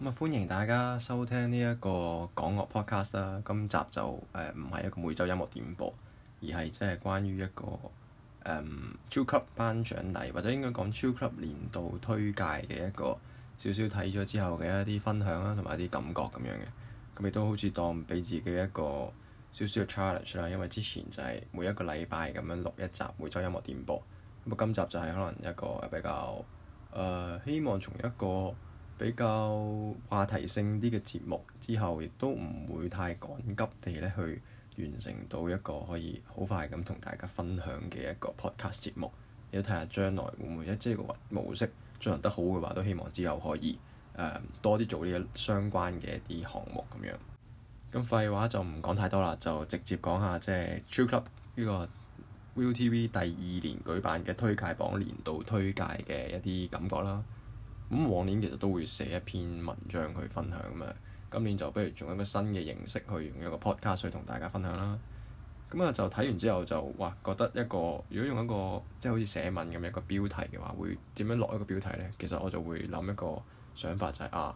咁啊、嗯，歡迎大家收聽呢一個廣樂 podcast 啦。今集就誒唔係一個每周音樂點播，而係即係關於一個誒超級頒獎禮，或者應該講超級年度推介嘅一個少少睇咗之後嘅一啲分享啦，同埋一啲感覺咁樣嘅。咁亦都好似當俾自己一個少少嘅 challenge 啦，因為之前就係每一個禮拜咁樣錄一集每周音樂點播。咁啊，今集就係可能一個比較誒、呃、希望從一個比較話題性啲嘅節目之後，亦都唔會太趕急地咧去完成到一個可以好快咁同大家分享嘅一個 podcast 節目。都睇下將來會唔會一即係個模式進行得好嘅話，都希望之後可以誒、呃、多啲做呢一相關嘅一啲項目咁樣。咁廢話就唔講太多啦，就直接講下即係 Chill Club 呢個 ViuTV 第二年舉辦嘅推介榜年度推介嘅一啲感覺啦。咁往年其實都會寫一篇文章去分享嘛。今年就不如用一個新嘅形式去用一個 podcast 去同大家分享啦。咁啊，就睇完之後就哇，覺得一個如果用一個即係好似寫文咁一,一個標題嘅話，會點樣落一個標題呢？其實我就會諗一個想法就係、是、啊，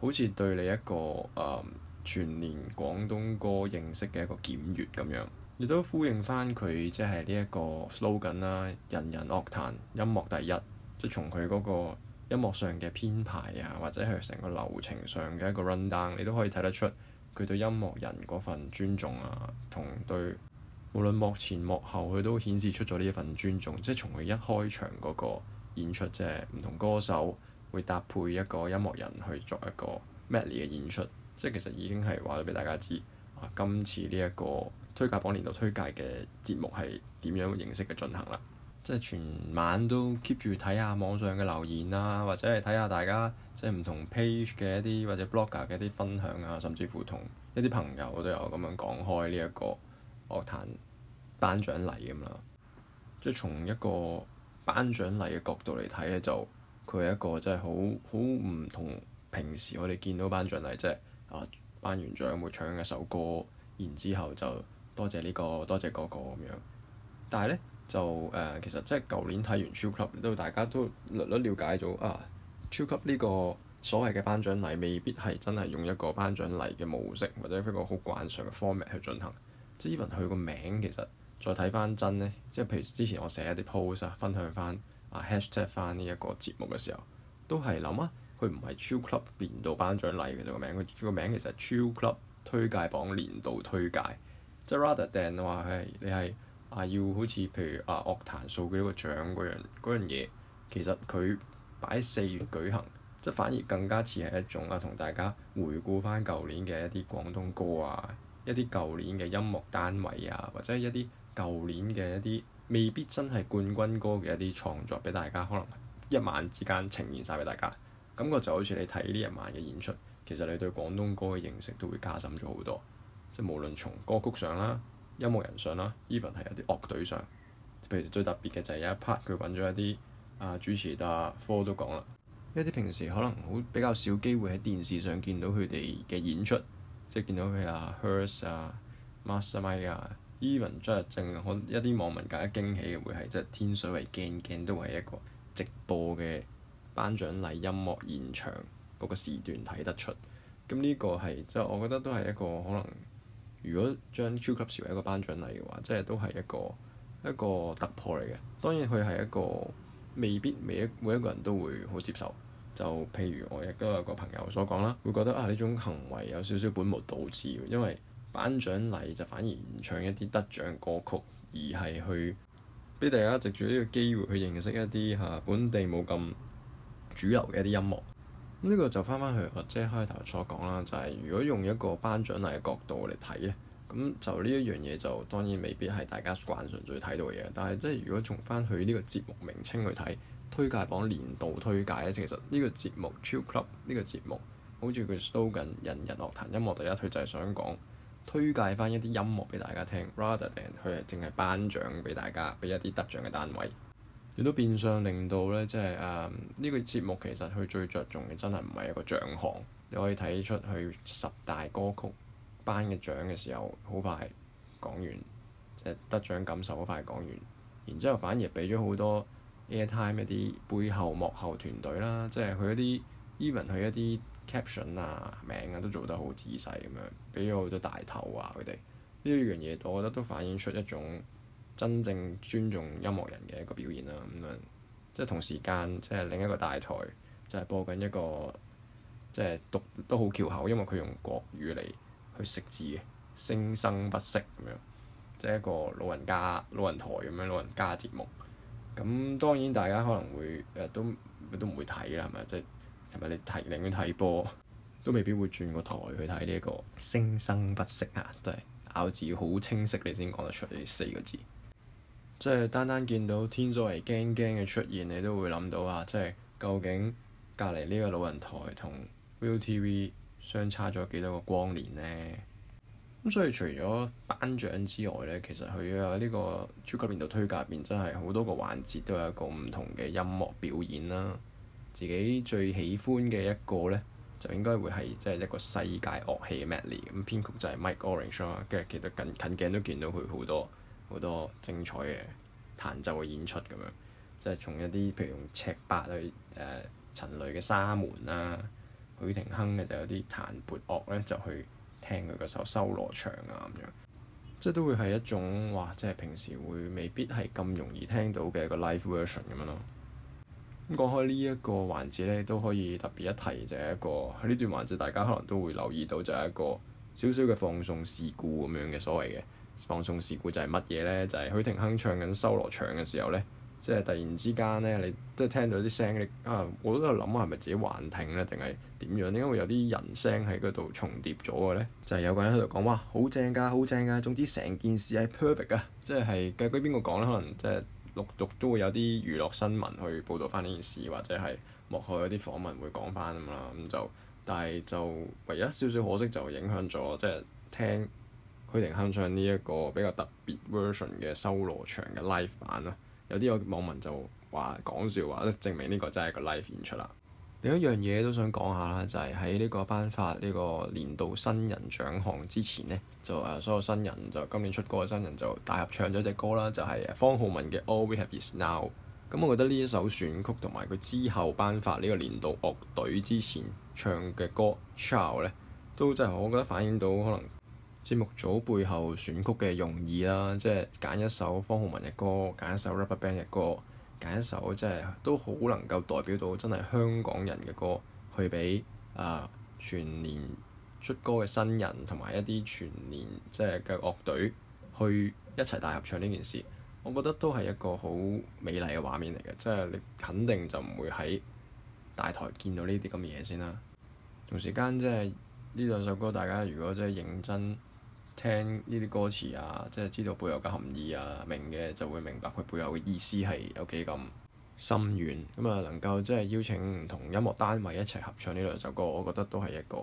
好似對你一個、嗯、全年廣東歌認識嘅一個檢閱咁樣，亦都呼應翻佢即係呢一個 slogan 啦，人人樂壇，音樂第一，即係從佢嗰、那個。音樂上嘅編排啊，或者係成個流程上嘅一個 run down，你都可以睇得出佢對音樂人嗰份尊重啊，同對無論幕前幕後，佢都顯示出咗呢一份尊重。即係從佢一開場嗰個演出，即係，唔同歌手會搭配一個音樂人去作一個 Medley 嘅演出，即係其實已經係話咗俾大家知，啊今次呢一個推介榜年度推介嘅節目係點樣形式嘅進行啦。即係全晚都 keep 住睇下網上嘅留言啊，或者係睇下大家即係唔同 page 嘅一啲或者 blogger 嘅一啲分享啊，甚至乎同一啲朋友都有咁樣講開呢一個樂壇頒獎禮咁咯。即係從一個頒獎禮嘅角度嚟睇咧，就佢係一個真係好好唔同平時我哋見到頒獎禮即係啊，頒完獎會唱一首歌，然之後就多謝呢個多謝嗰個咁樣。但係咧～就誒、呃，其實即係舊年睇完 Chill Club，都大家都略略了解咗啊。Chill Club 呢個所謂嘅頒獎禮，未必係真係用一個頒獎禮嘅模式，或者一個好慣常嘅 format 去進行。即係 even 佢個名其實再睇翻真咧，即係譬如之前我寫一啲 post 啊，分享翻啊 hashtag 翻呢一個節目嘅時候，都係諗啊，佢唔係 Chill Club 年度頒獎禮嘅個名，佢個名其實係 Chill Club 推介榜年度推介，即係 rather than 話係你係。啊，要好似譬如啊樂壇掃幾多個獎嗰樣嗰樣嘢，其實佢擺四月舉行，即反而更加似係一種啊，同大家回顧翻舊年嘅一啲廣東歌啊，一啲舊年嘅音樂單位啊，或者一啲舊年嘅一啲未必真係冠軍歌嘅一啲創作，畀大家可能一晚之間呈現晒畀大家，感覺就好似你睇呢一晚嘅演出，其實你對廣東歌嘅認識都會加深咗好多，即係無論從歌曲上啦。音樂人上啦，even 係一啲樂隊上，譬如最特別嘅就係有一 part 佢揾咗一啲啊主持啊，科都講啦，一啲平時可能好比較少機會喺電視上見到佢哋嘅演出，即係見到佢啊 Hers 啊，MastaMic 啊，even 今日正可能一啲網民更加驚喜嘅會係即係天水圍 g a 都係一個直播嘅頒獎禮音樂現場嗰、那個時段睇得出，咁呢個係即係我覺得都係一個可能。如果將 Chill Club 視為一個頒獎禮嘅話，即係都係一個一個突破嚟嘅。當然佢係一個未必每一每一個人都會好接受。就譬如我亦都有個朋友所講啦，會覺得啊呢種行為有少少本末倒置，因為頒獎禮就反而唔唱一啲得獎歌曲，而係去俾大家藉住呢個機會去認識一啲嚇、啊、本地冇咁主流嘅一啲音樂。呢個就翻翻去或者開頭所講啦，就係如果用一個頒獎禮嘅角度嚟睇咧，咁就呢一樣嘢就當然未必係大家慣常最睇到嘅嘢。但係即係如果從翻去呢個節目名稱去睇，推介榜年度推介咧，其實呢個節目 Chill Club 呢個節目，好似佢 show 緊《人人樂壇》音樂第一，佢就係想講推介翻一啲音樂俾大家聽，rather than 佢係淨係頒獎俾大家，俾一啲得獎嘅單位。亦都變相令到咧，即係誒呢個節目其實佢最着重嘅真係唔係一個獎項，你可以睇出佢十大歌曲頒嘅獎嘅時候，好快講完，即係得獎感受好快講完，然之後反而畀咗好多 airtime 一啲背後幕後團隊啦，即係佢一啲 even 佢一啲 caption 啊名啊都做得好仔細咁樣，畀咗好多大頭啊。佢哋呢樣嘢，我覺得都反映出一種真正尊重音樂人嘅一個表演啦，咁、嗯、樣即係同時間，即、就、係、是、另一個大台就係、是、播緊一個即係、就是、讀都好翹口，因為佢用國語嚟去食字嘅《聲生不息》咁樣，即係一個老人家老人台咁樣老人家節目。咁當然大家可能會誒、呃、都都唔會睇啦，係咪？即係同埋你睇寧願睇波都未必會轉個台去睇呢一個《聲生不息》啊，都係咬字好清晰，你先講得出四個字。即係單單見到天災驚驚嘅出現，你都會諗到啊！即係究竟隔離呢個老人台同 Will TV 相差咗幾多個光年呢？咁、嗯、所以除咗頒獎之外咧，其實佢啊呢個超級年度推介入邊真係好多個環節都有一個唔同嘅音樂表演啦。自己最喜歡嘅一個咧，就應該會係即係一個世界樂器嘅 m e l e y 咁編曲就係 Mike Orange 啦，跟住其實近近鏡都見到佢好多。好多精彩嘅彈奏嘅演出咁樣，即係從一啲譬如用赤白去誒、呃、陳雷嘅沙門啦、啊，許廷鏗嘅就有啲彈撥樂咧就去聽佢嘅首《修羅場》啊咁樣，即係都會係一種哇！即係平時會未必係咁容易聽到嘅一個 live version 咁樣咯。咁講開呢一個環節咧，都可以特別一提就係一個喺呢段環節，大家可能都會留意到就係一個少少嘅放送事故咁樣嘅所謂嘅。放送事故就係乜嘢呢？就係、是、許廷鏗唱緊《修羅場》嘅時候呢，即係突然之間呢，你都聽到啲聲，你啊我都喺度諗，係咪自己幻聽呢？定係點樣？點解會有啲人聲喺嗰度重疊咗嘅呢？就係、是、有個人喺度講哇，好正㗎，好正㗎。總之成件事係 perfect 啊，即係究竟邊個講呢？可能即係陸續都會有啲娛樂新聞去報導翻呢件事，或者係幕後有啲訪問會講翻咁啦。咁就但係就唯一少少可惜就影響咗即係聽。許廷鏗唱呢一個比較特別 version 嘅《修羅場》嘅 live 版啦，有啲個網民就話講笑話，咧證明呢個真係個 live 演出啦。另一樣嘢都想講下啦，就係喺呢個頒發呢個年度新人獎項之前呢，就誒所有新人就今年出歌嘅新人就大合唱咗一隻歌啦，就係、是、方浩文嘅《All We Have Is Now》嗯。咁我覺得呢一首選曲同埋佢之後頒發呢個年度樂隊之前唱嘅歌《ciao》咧，都真係我覺得反映到可能。節目組背後選曲嘅用意啦，即係揀一首方皓玟嘅歌，揀一首 Rubber Band 嘅歌，揀一首即係都好能夠代表到真係香港人嘅歌，去俾啊、呃、全年出歌嘅新人同埋一啲全年即係嘅樂隊去一齊大合唱呢件事，我覺得都係一個好美麗嘅畫面嚟嘅，即係你肯定就唔會喺大台見到呢啲咁嘅嘢先啦。同時間即係呢兩首歌，大家如果真係認真聽呢啲歌詞啊，即係知道背後嘅含義啊，明嘅就會明白佢背後嘅意思係有幾咁深遠。咁、嗯、啊，能夠即係邀請唔同音樂單位一齊合唱呢兩首歌，我覺得都係一個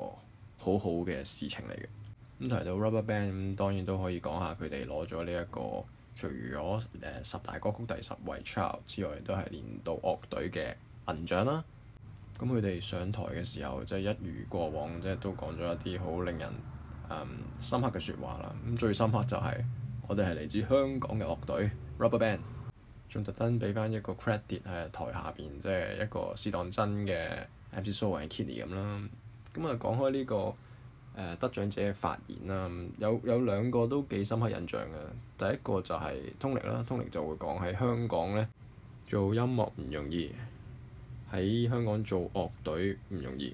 好好嘅事情嚟嘅。咁、嗯、提到 RubberBand，咁當然都可以講下佢哋攞咗呢一個除咗誒十大歌曲第十位 chart 之外，都係年度樂隊嘅銀獎啦。咁佢哋上台嘅時候，即係一如過往，即係都講咗一啲好令人～Um, 深刻嘅説話啦，咁最深刻就係、是、我哋係嚟自香港嘅樂隊 RubberBand，仲特登俾翻一個 credit 喺台下邊，即、就、係、是、一個斯當真嘅 MC $oHo & KidNey 咁啦。咁、嗯、啊、嗯，講開呢、這個誒、呃、得獎者嘅發言啦、嗯，有有兩個都幾深刻印象嘅。第一個就係通力啦，通力就會講喺香港咧做音樂唔容易，喺香港做樂隊唔容易，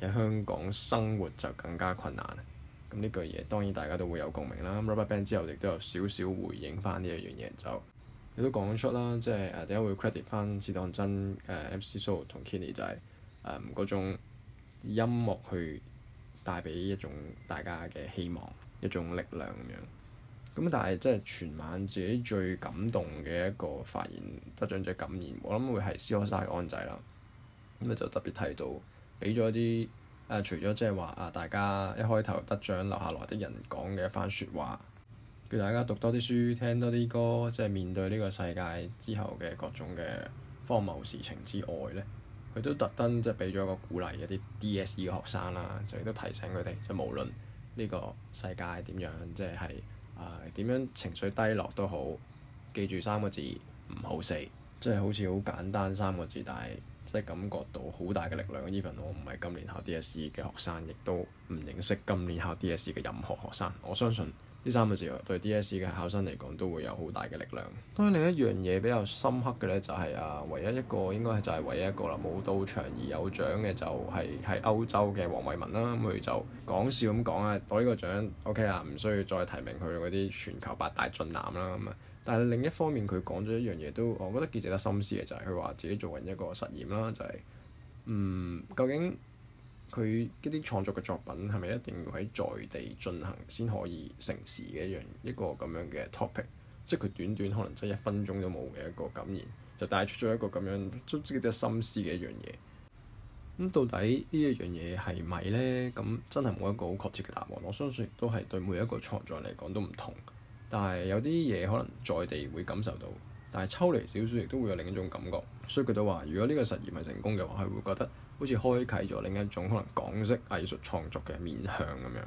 喺香港生活就更加困難。咁呢句嘢當然大家都會有共鳴啦。Rubberband 之後亦都有少少回應翻呢一樣嘢，就你都講出啦，即係誒點解會 credit 翻志當真誒 MC $oHo 同 KidNey 就係誒嗰種音樂去帶俾一種大家嘅希望、一種力量咁樣。咁但係即係全晚自己最感動嘅一個發言得獎者感言，我諗會係 C AllStar 安仔啦。咁啊，就特別提到俾咗啲。啊、除咗即係話啊，大家一開頭得獎留下來的人講嘅一番說話，叫大家讀多啲書、聽多啲歌，即係面對呢個世界之後嘅各種嘅荒謬事情之外呢，佢都特登即係俾咗一個鼓勵，一啲 DSE 學生啦，就亦都提醒佢哋，即係無論呢個世界點樣，即係啊點樣情緒低落都好，記住三個字唔好死，即係好似好簡單三個字，但係。即感覺到好大嘅力量。Even 我唔係今年考 DSE 嘅學生，亦都唔認識今年考 DSE 嘅任何學生。我相信呢三個字對 DSE 嘅考生嚟講都會有好大嘅力量。當然另一樣嘢比較深刻嘅咧，就係啊，唯一一個應該係就係唯一一個啦，冇到場而有獎嘅就係喺歐洲嘅黃偉文啦。咁佢就講笑咁講啊，我呢個獎 OK 啦，唔需要再提名佢嗰啲全球八大俊男啦咁啊。但係另一方面，佢講咗一樣嘢都，我覺得幾值得深思嘅，就係佢話自己做緊一個實驗啦，就係、是、嗯，究竟佢一啲創作嘅作品係咪一定要喺在地進行先可以成事嘅一樣一個咁樣嘅 topic，即係佢短短可能即係一分鐘都冇嘅一個感言，就帶出咗一個咁樣都幾值得深思嘅一樣嘢。咁到底呢一樣嘢係咪呢？咁真係冇一個好確切嘅答案。我相信都係對每一個創作嚟講都唔同。但係有啲嘢可能在地會感受到，但係抽離少少亦都會有另一種感覺。所以佢都話，如果呢個實驗係成功嘅話，佢會覺得好似開啟咗另一種可能港式藝術創作嘅面向咁樣。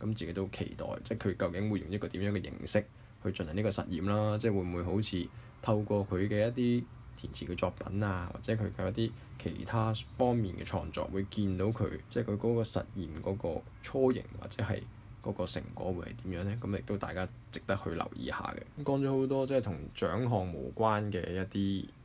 咁自己都期待，即係佢究竟會用一個點樣嘅形式去進行呢個實驗啦？即係會唔會好似透過佢嘅一啲填詞嘅作品啊，或者佢嘅一啲其他方面嘅創作，會見到佢即係佢嗰個實驗嗰個雛形，或者係。嗰個成果會係點樣咧？咁亦都大家值得去留意下嘅。咁講咗好多，即係同獎項無關嘅一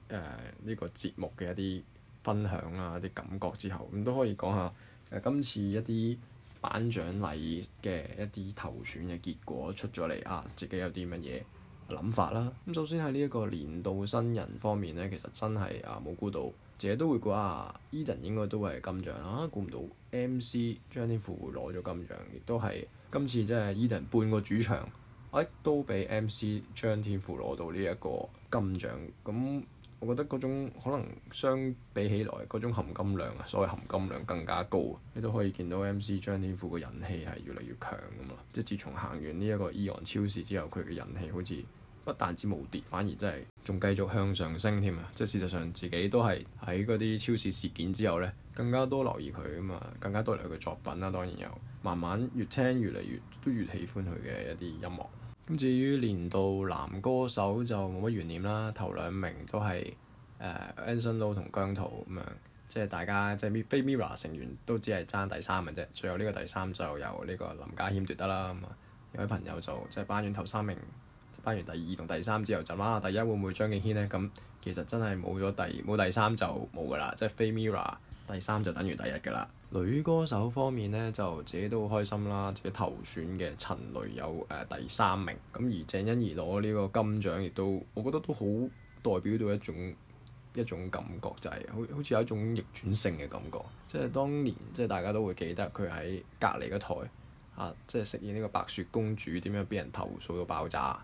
啲誒呢個節目嘅一啲分享啦、啊、啲感覺之後，咁都可以講下誒、呃、今次一啲頒獎禮嘅一啲投選嘅結果出咗嚟啊，自己有啲乜嘢諗法啦？咁首先喺呢一個年度新人方面咧，其實真係啊冇估到，自己都會估啊，Eden 應該都係金獎啦，估唔到 MC 張天賦攞咗金獎，亦、啊、都係。今次真係 Edan 半個主場，哎都畀 MC 張天賦攞到呢一個金獎，咁我覺得嗰種可能相比起來，嗰種含金量啊，所謂含金量更加高，你都可以見到 MC 張天賦個人氣係越嚟越強噶嘛，即係自從行完呢一個伊、e、昂超市之後，佢嘅人氣好似～不但止無跌，反而真係仲繼續向上升添啊！即係事實上，自己都係喺嗰啲超市事件之後咧，更加多留意佢咁啊，更加多留意佢作品啦、啊。當然又慢慢越聽越嚟越都越喜歡佢嘅一啲音樂。咁至於年度男歌手就冇乜懸念啦，頭兩名都係誒、呃、Anson Lo 同姜濤咁樣，即係大家即係非 MIRROR 成員都只係爭第三嘅啫，最後呢個第三就由呢個林家謙奪得啦咁啊！有位朋友就即係班完頭三名。頒完第二同第三之後就啦、啊，第一會唔會張敬軒呢？咁其實真係冇咗第二，冇第三就冇㗎啦，即係非 Mirror 第三就等於第一㗎啦。女歌手方面呢，就自己都好開心啦，自己投選嘅陳蕾有誒、呃、第三名，咁而鄭欣宜攞呢個金獎，亦都我覺得都好代表到一種一種感覺，就係、是、好好似有一種逆轉勝嘅感覺。即係當年即係大家都會記得佢喺隔離嗰台啊，即係飾演呢個白雪公主點樣俾人投訴到爆炸。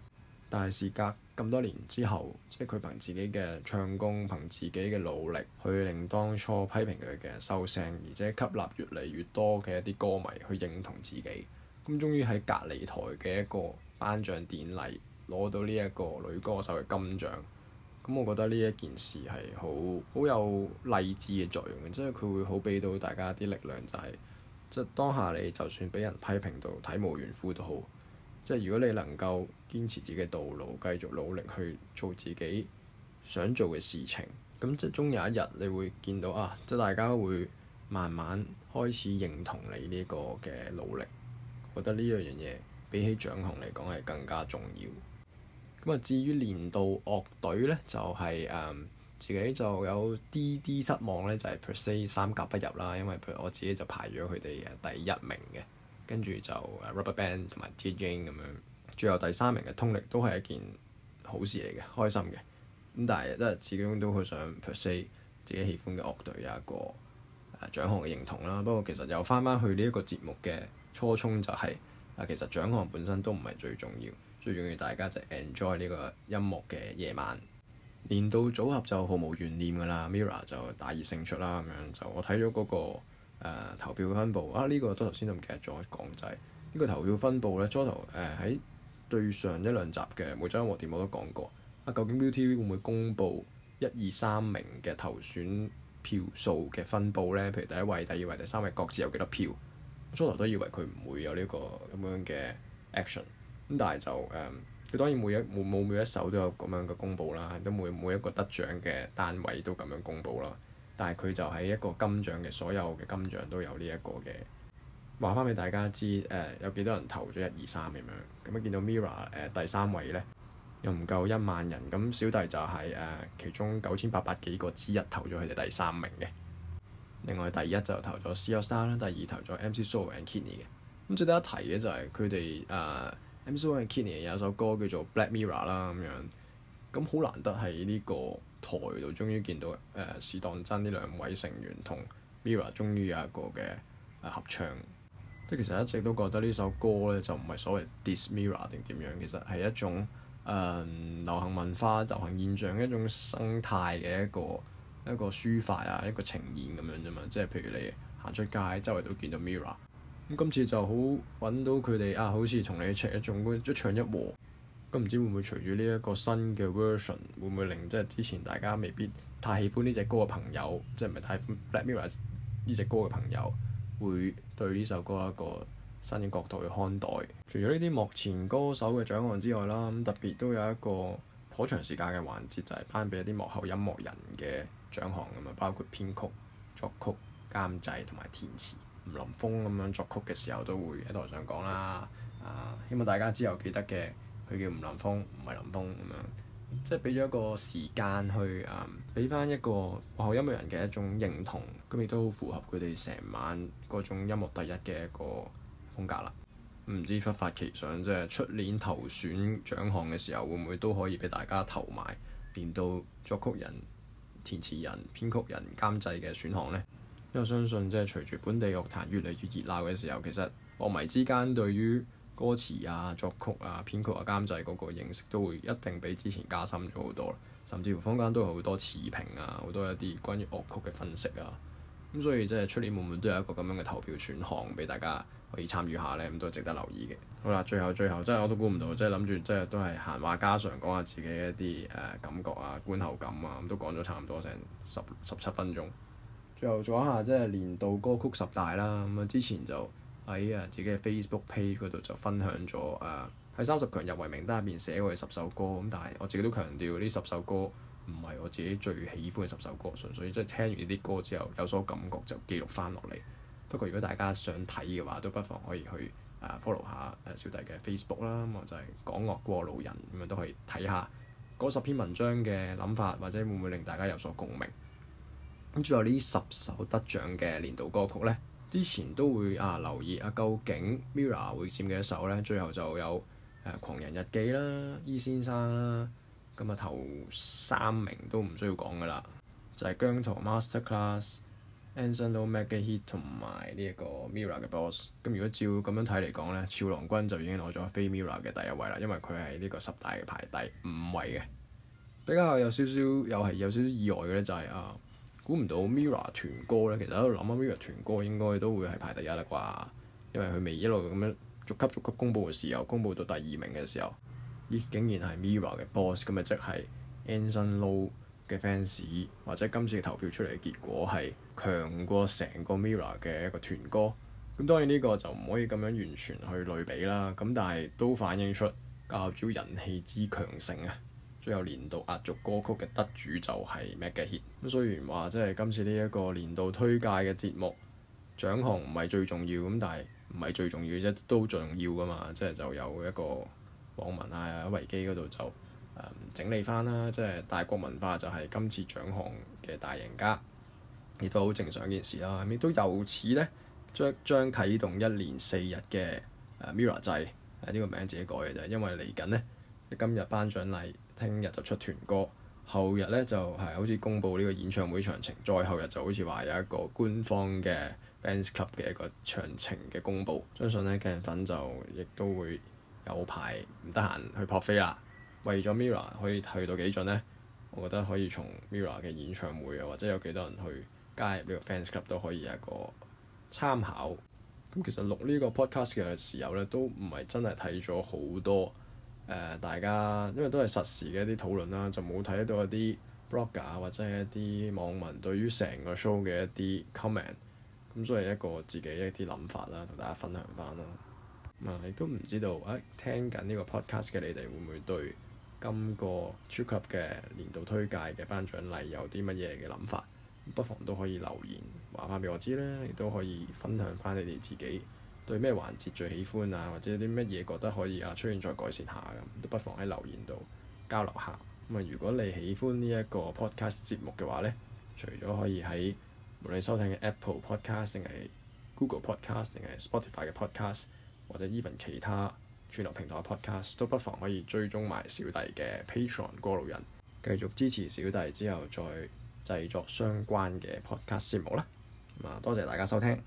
但係事隔咁多年之後，即係佢憑自己嘅唱功，憑自己嘅努力，去令當初批評佢嘅收聲，而且吸納越嚟越多嘅一啲歌迷去認同自己。咁、嗯、終於喺隔離台嘅一個頒獎典禮攞到呢一個女歌手嘅金獎。咁、嗯、我覺得呢一件事係好好有勵志嘅作用，即係佢會好俾到大家啲力量，就係、是、即係當下你就算俾人批評到體無完膚都好，即係如果你能夠，堅持自己嘅道路，繼續努力去做自己想做嘅事情。咁即係終有一日，你會見到啊，即係大家會慢慢開始認同你呢個嘅努力。覺得呢樣嘢比起獎項嚟講係更加重要。咁啊，至於年度樂隊呢，就係誒自己就有啲啲失望呢，就係 per se 三甲不入啦。因為譬如我自己就排咗佢哋嘅第一名嘅，跟住就 RubberBand 同埋 TJ 咁樣。最後第三名嘅通力都係一件好事嚟嘅，開心嘅。咁但係都係始終都好想 per se 自己喜歡嘅樂隊有一個誒獎、呃、項嘅認同啦。不過其實又翻翻去呢一個節目嘅初衷就係、是、啊，其實獎項本身都唔係最重要，最重要大家就 enjoy 呢個音樂嘅夜晚。年度組合就毫無懸念㗎啦 MIRROR 就大熱勝出啦咁樣就我睇咗嗰個投票分佈啊，呢個都頭先都唔記得咗講就係呢個投票分佈咧，初頭誒喺。對上一兩集嘅每張和樂電台都講過，啊究竟 ViuTV 會唔會公布一二三名嘅投選票數嘅分佈呢？譬如第一位、第二位、第三位各自有幾多票？初頭都以為佢唔會有呢、呢個咁樣嘅 action，咁但係就誒，佢、嗯、當然每一每冇每，每，每一首都有咁樣嘅公佈啦，都每每一個得獎嘅單位都咁樣公佈啦，但係佢就喺一個金獎嘅所有嘅金獎都有呢一個嘅。話翻俾大家知，誒、呃、有幾多人投咗一二三咁樣咁一、嗯、見到 MIRROR 誒、呃、第三位咧，又唔夠一萬人咁小弟就係、是、誒、呃、其中九千八百幾個之一投咗佢哋第三名嘅。另外第一就投咗 C AllStar 啦，第二投咗 MC $oHo & KidNey 嘅。咁值、嗯、得一提嘅就係佢哋誒 MC $oHo & KidNey 有首歌叫做 Black Mirror，《Black Mirror》啦咁樣，咁好難得喺呢個台度終於見到誒試當真呢兩位成員同 MIRROR 終於有一個嘅合唱。即其實一直都覺得呢首歌咧就唔係所謂 dis mirror 定點樣，其實係一種誒、嗯、流行文化、流行現象、一種生態嘅一個一個抒發啊，一個呈現咁樣啫嘛。即係譬如你行出街，周圍都見到 mirror。咁今次就好揾到佢哋啊，好似同你唱一種一唱一和。咁唔知會唔會隨住呢一個新嘅 version，會唔會令即係之前大家未必太喜歡呢隻歌嘅朋友，即係唔係太 black mirror 呢隻歌嘅朋友會對呢首歌一個新嘅角度去看待。除咗呢啲幕前歌手嘅獎項之外啦，咁特別都有一個頗長時間嘅環節，就係、是、頒俾一啲幕後音樂人嘅獎項咁啊，包括編曲、作曲、監製同埋填詞。吳林峰咁樣作曲嘅時候都會喺台上講啦，啊，希望大家之後記得嘅，佢叫吳林峰，唔係林峰咁樣，即係俾咗一個時間去啊，俾翻一個幕後音樂人嘅一種認同。咁亦都符合佢哋成晚嗰種音樂第一嘅一個風格啦。唔知忽發奇想，即係出年投選獎項嘅時候，會唔會都可以俾大家投埋，變到作曲人、填詞人、編曲人、監製嘅選項呢？因為我相信即係隨住本地樂壇越嚟越熱鬧嘅時候，其實樂迷之間對於歌詞啊、作曲啊、編曲啊、監製嗰個認識都會一定比之前加深咗好多，甚至乎坊間都好多詞評啊，好多一啲關於樂曲嘅分析啊。咁所以即係出年每每都有一個咁樣嘅投票選項俾大家可以參與下咧，咁都值得留意嘅。好啦，最後最後真係我都估唔到，即係諗住即係都係閒話家常，講下自己一啲誒、呃、感覺啊、觀後感啊，咁都講咗差唔多成十十七分鐘。最後做一下即係、就是、年度歌曲十大啦，咁啊之前就喺啊自己嘅 Facebook page 嗰度就分享咗啊喺三十強入圍名單入邊寫過十首歌，咁但係我自己都強調呢十首歌。唔係我自己最喜歡嘅十首歌，純粹即係聽完呢啲歌之後有所感覺就記錄翻落嚟。不過如果大家想睇嘅話，都不妨可以去啊 follow 下誒小弟嘅 Facebook 啦，咁就係廣樂過路人，咁樣都可以睇下嗰十篇文章嘅諗法，或者會唔會令大家有所共鳴。咁最後呢十首得獎嘅年度歌曲呢，之前都會啊留意啊，究竟 MIRROR 會佔幾多首呢？最後就有、呃、《狂人日記》啦，《E 先生》啦。咁啊頭三名都唔需要講噶啦，就係、是、姜濤 Masterclass、Anson Lo Mega Hit 同埋呢一個 MIRROR 嘅 Boss。咁如果照咁樣睇嚟講呢，超郎君就已經攞咗非 MIRROR 嘅第一位啦，因為佢係呢個十大嘅排第五位嘅。比較有少少又係有少少意外嘅呢，就是，就係啊，估唔到 MIRROR 團歌呢。其實喺度諗啊，MIRROR 團歌應該都會係排第一啦啩，因為佢未一路咁樣逐級逐級公布嘅時候，公布到第二名嘅時候。竟然係 MIRROR 嘅 boss，咁咪即係 Anson Lo 嘅 fans，或者今次投票出嚟嘅結果係強過成個 MIRROR 嘅一個團歌。咁當然呢個就唔可以咁樣完全去類比啦。咁但係都反映出教主人氣之強盛啊！最有年度壓軸歌曲嘅得主就係 Mega Hit。咁雖然話即係今次呢一個年度推介嘅節目獎項唔係最重要，咁但係唔係最重要啫，都重要噶嘛。即係就有一個。網民啊，維基嗰度就、嗯、整理翻啦，即、就、係、是、大國文化就係今次獎項嘅大贏家，亦都好正常一件事啦、啊。咁亦都由此呢將將啟動一連四日嘅 Mirror 制，呢、呢個名自己改嘅啫，因為嚟緊呢，今日頒獎禮，聽日就出團歌，後日呢就係好似公布呢個演唱會詳情，再後日就好似話有一個官方嘅 bands club 嘅一個詳情嘅公佈，相信呢，鏡粉就亦都會。有排唔得閒去撲飛啦，為咗 MIRROR 可以去到幾盡呢？我覺得可以從 MIRROR 嘅演唱會啊，或者有幾多人去加入呢個 fans club 都可以一個參考。咁其實錄呢個 podcast 嘅時候呢，都唔係真係睇咗好多、呃、大家，因為都係實時嘅一啲討論啦，就冇睇到一啲 blog 啊，或者係一啲網民對於成個 show 嘅一啲 comment。咁所以一個自己一啲諗法啦，同大家分享翻咯。啊！都唔知道啊，聽緊呢個 podcast 嘅你哋會唔會對今個 Chill Club 嘅年度推介嘅頒獎禮有啲乜嘢嘅諗法？不妨都可以留言話翻俾我知啦。亦都可以分享翻你哋自己對咩環節最喜歡啊，或者啲乜嘢覺得可以啊出現再改善下咁、啊，都不妨喺留言度交流下。咁啊，啊，如果你喜歡呢一個 podcast 節目嘅話咧，除咗可以喺無論收聽 Apple Podcast 定係 Google Podcast 定係 Spotify 嘅 Podcast。或者 even 其他串流平台嘅 podcast 都不妨可以追蹤埋小弟嘅 Patreon 過路人，繼續支持小弟之後再製作相關嘅 podcast 節目啦。咁啊，多謝大家收聽。